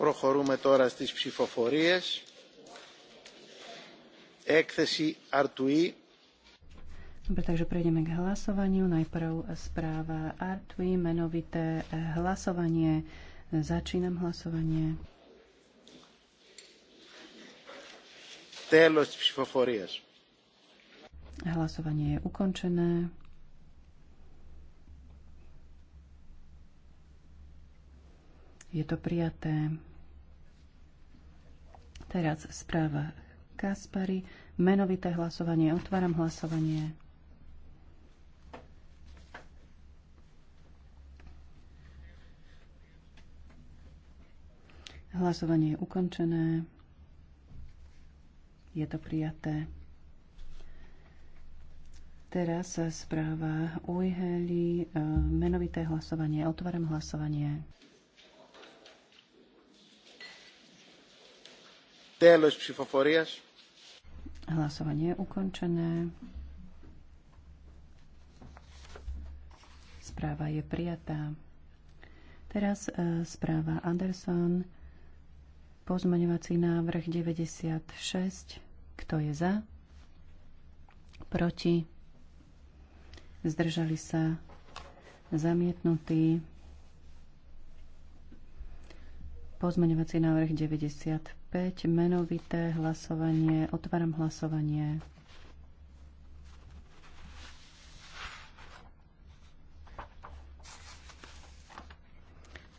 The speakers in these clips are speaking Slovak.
Προχωρούμε τώρα στις ψηφοφορίες. Έκθεση Αρτουή. Dobre, takže prejdeme k hlasovaniu. Najprv správa Artui, menovité eh, hlasovanie. Začínam hlasovanie. Télos ψηφοφορίας. Hlasovanie je ukončené. Je to prijaté. Teraz správa Kaspari. Menovité hlasovanie. Otváram hlasovanie. Hlasovanie je ukončené. Je to prijaté. Teraz správa Ujheli. Menovité hlasovanie. Otváram hlasovanie. Hlasovanie je ukončené. Správa je prijatá. Teraz e, správa Anderson. Pozmaňovací návrh 96. Kto je za? Proti? Zdržali sa? Zamietnutý. Pozmaňovací návrh 95. 5, menovité hlasovanie. Otváram hlasovanie.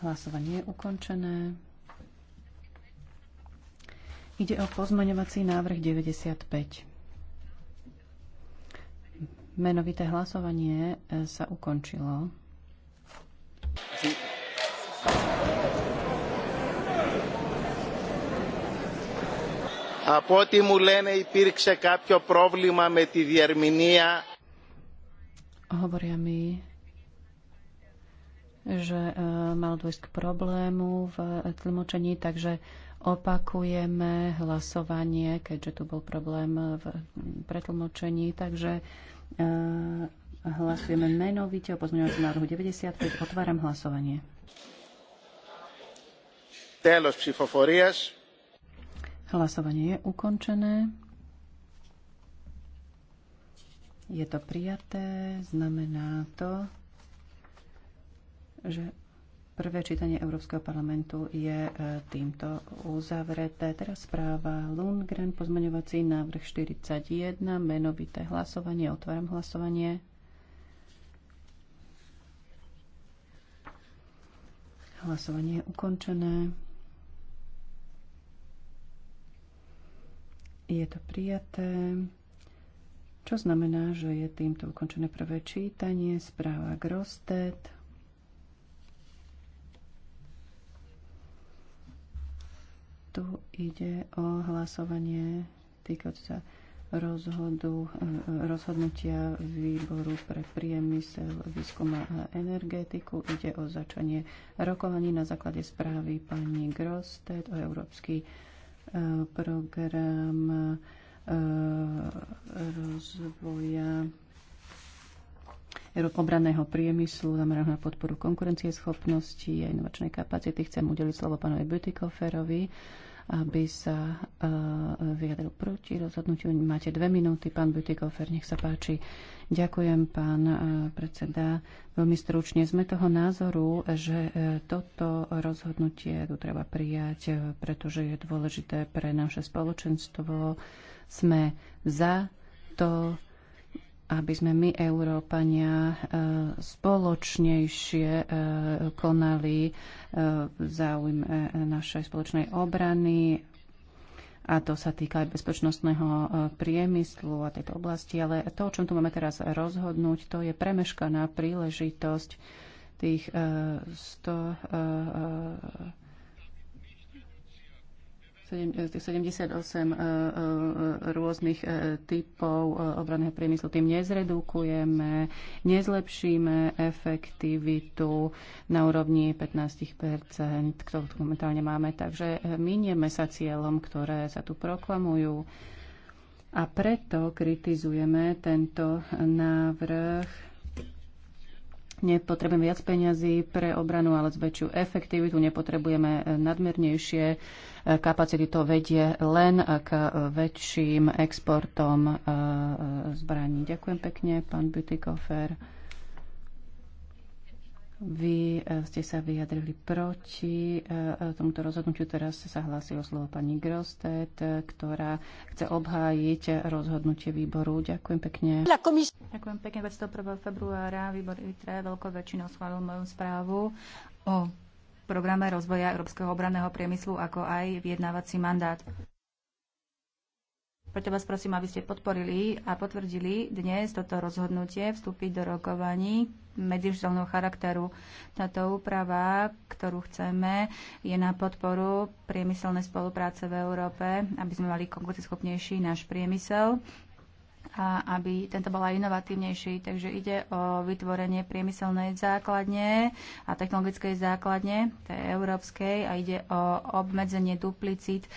Hlasovanie je ukončené. Ide o pozmaňovací návrh 95. Menovité hlasovanie sa ukončilo. Από ό,τι μου λένε υπήρξε κάποιο πρόβλημα με τη διερμηνία. Hovoria mi, že e, mal dôjsť k problému v e, tlmočení, takže opakujeme hlasovanie, keďže tu bol problém v pretlmočení. Takže uh, hlasujeme menovite o pozmeňovacom návrhu 95. Otváram hlasovanie. Telos psychoforias. Hlasovanie je ukončené. Je to prijaté. Znamená to, že Prvé čítanie Európskeho parlamentu je e, týmto uzavreté. Teraz správa Lundgren, pozmeňovací návrh 41, menovité hlasovanie. Otváram hlasovanie. Hlasovanie je ukončené. Je to prijaté, čo znamená, že je týmto ukončené prvé čítanie, správa Grosted. Tu ide o hlasovanie týkať sa rozhodu, eh, rozhodnutia výboru pre priemysel, výskum a energetiku. Ide o začanie rokovaní na základe správy pani Grosted o Európsky Eh, program eh, rozvoja obranného priemyslu zameraného na podporu konkurencieschopnosti a inovačnej kapacity. Chcem udeliť slovo pánovi Butikoferovi aby sa eh, vyjadril proti rozhodnutiu. Máte dve minúty, pán Butikofer, nech sa páči. Ďakujem, pán eh, predseda. Veľmi stručne sme toho názoru, že eh, toto rozhodnutie tu treba prijať, pretože je dôležité pre naše spoločenstvo. Sme za to, aby sme my, Európania, e, spoločnejšie e, konali e, v záujme našej spoločnej obrany, a to sa týka aj bezpečnostného priemyslu a tejto oblasti, ale to, o čom tu máme teraz rozhodnúť, to je premeškaná príležitosť tých 100 Eh, tých 78 eh, eh, rôznych typov obranného priemyslu tým nezredukujeme, nezlepšíme efektivitu na úrovni 15 ktorú tu momentálne máme. Takže minieme sa cieľom, ktoré sa tu proklamujú. A preto kritizujeme tento návrh Nepotrebujeme viac peňazí pre obranu, ale z väčšiu efektivitu. Nepotrebujeme e, nadmernejšie e, kapacity. To vedie len k väčším exportom e, zbraní. Ďakujem pekne, pán Butikofer. Vy eh, ste sa vyjadrili proti eh, tomuto rozhodnutiu. Teraz sa hlási o slovo pani Grostet, eh, ktorá chce obhájiť rozhodnutie výboru. Ďakujem pekne. Ďakujem pekne. 21. februára výbor ITRE veľkou väčšinou schválil moju správu o programe rozvoja európskeho obranného priemyslu ako aj vyjednávací mandát. Preto vás prosím, aby ste podporili a potvrdili dnes toto rozhodnutie vstúpiť do rokovaní medzižiteľného charakteru. Táto úprava, ktorú chceme, je na podporu priemyselnej spolupráce v Európe, aby sme mali konkurenceschopnejší náš priemysel a aby tento bol aj inovatívnejší. Takže ide o vytvorenie priemyselnej základne a technologickej základne, tej európskej, a ide o obmedzenie duplicit, e,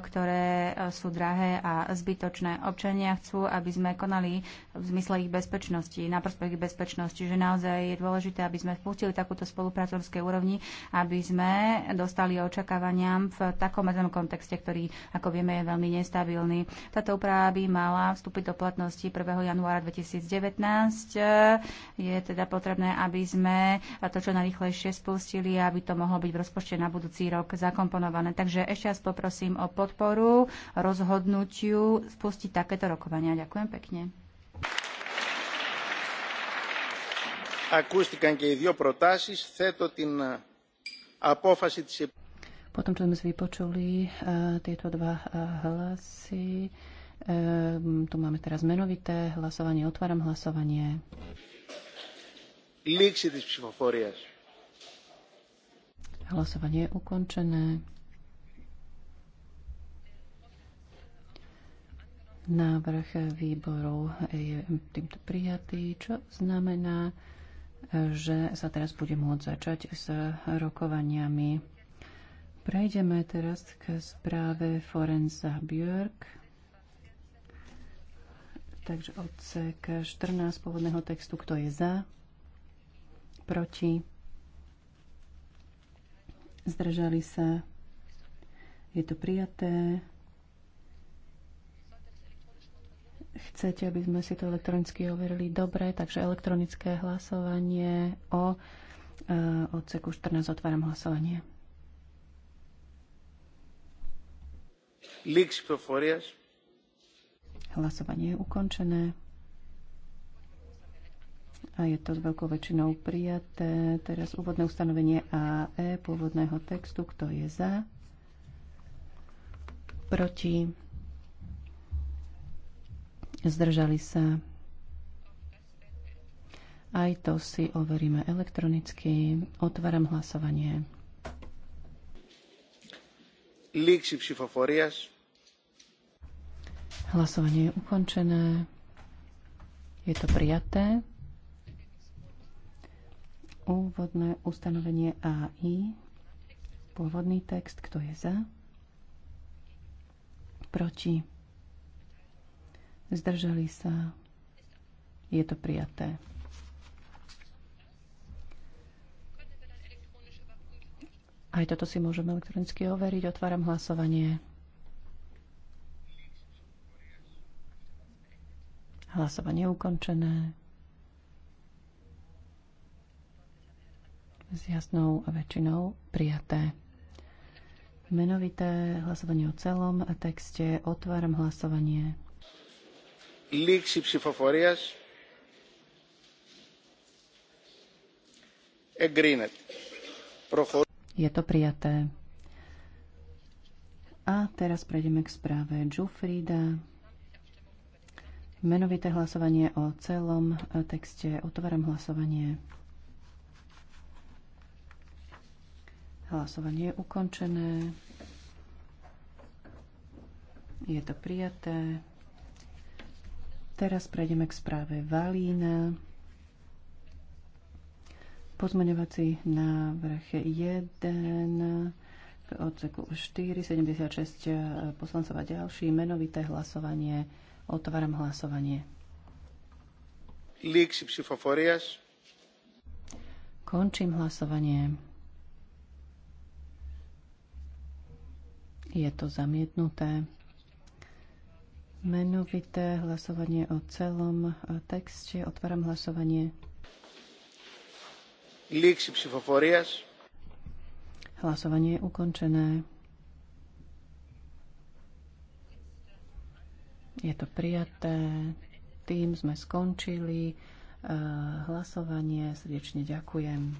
ktoré e, sú drahé a zbytočné. Občania chcú, aby sme konali v zmysle ich bezpečnosti, na prospech ich bezpečnosti, že naozaj je dôležité, aby sme spustili takúto spoluprácu úrovni, aby sme dostali očakávaniam v takom medzom kontexte, ktorý, ako vieme, je veľmi nestabilný. Táto úprava by mala vstúpiť do platnosti platnosti 1. januára 2019. E, je teda potrebné, aby sme to čo najrychlejšie spustili, aby to mohlo byť v rozpočte na budúci rok zakomponované. Takže ešte raz poprosím o podporu rozhodnutiu spustiť takéto rokovania. Ďakujem pekne. Ακούστηκαν και οι δύο προτάσεις. Θέτω την απόφαση της Potom, čo sme si vypočuli tieto dva hlasy, Ehm, tu máme teraz menovité hlasovanie. Otváram hlasovanie. Hlasovanie je ukončené. Návrh výborov je týmto prijatý, čo znamená, že sa teraz bude môcť začať s rokovaniami. Prejdeme teraz k správe Forenza Björk. Takže odsek 14 pôvodného textu, kto je za, proti, zdržali sa, je to prijaté. Chcete, aby sme si to elektronicky overili? Dobre, takže elektronické hlasovanie o eh, odseku 14 otváram hlasovanie. Λήξη προφορίας. Hlasovanie je ukončené. A je to s veľkou väčšinou prijaté. Teraz úvodné ustanovenie AE pôvodného textu. Kto je za? Proti? Zdržali sa? Aj to si overíme elektronicky. Otváram hlasovanie. Líksi ψηφοφορίας. Hlasovanie je ukončené. Je to prijaté. Úvodné ustanovenie AI. Pôvodný text. Kto je za? Proti? Zdržali sa? Je to prijaté. Aj toto si môžeme elektronicky overiť. Otváram hlasovanie. Hlasovanie je ukončené. S jasnou väčšinou prijaté. Menovité hlasovanie o celom texte. Otváram hlasovanie. Λήξη ψηφοφορίας. Prochod... Je to prijaté. A teraz prejdeme k správe Jufrida. Menovité hlasovanie o celom e, texte. Otváram hlasovanie. Hlasovanie je ukončené. Je to prijaté. Teraz prejdeme k správe Valína. Pozmeňovací návrh 1 k odseku 4, 76 e, poslancov a ďalší. Menovité hlasovanie Otváram hlasovanie. Končím hlasovanie. Je to zamietnuté. Menovité hlasovanie o celom texte. Otváram hlasovanie. Hlasovanie je ukončené. Je to prijaté. Tým sme skončili eh, hlasovanie. Srdečne ďakujem.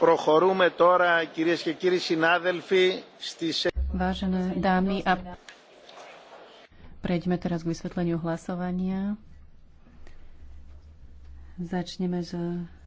Προχωρούμε τώρα, και κύριοι συνάδελφοι, Vážené dámy a... Prejdeme teraz k vysvetleniu hlasovania. Začneme s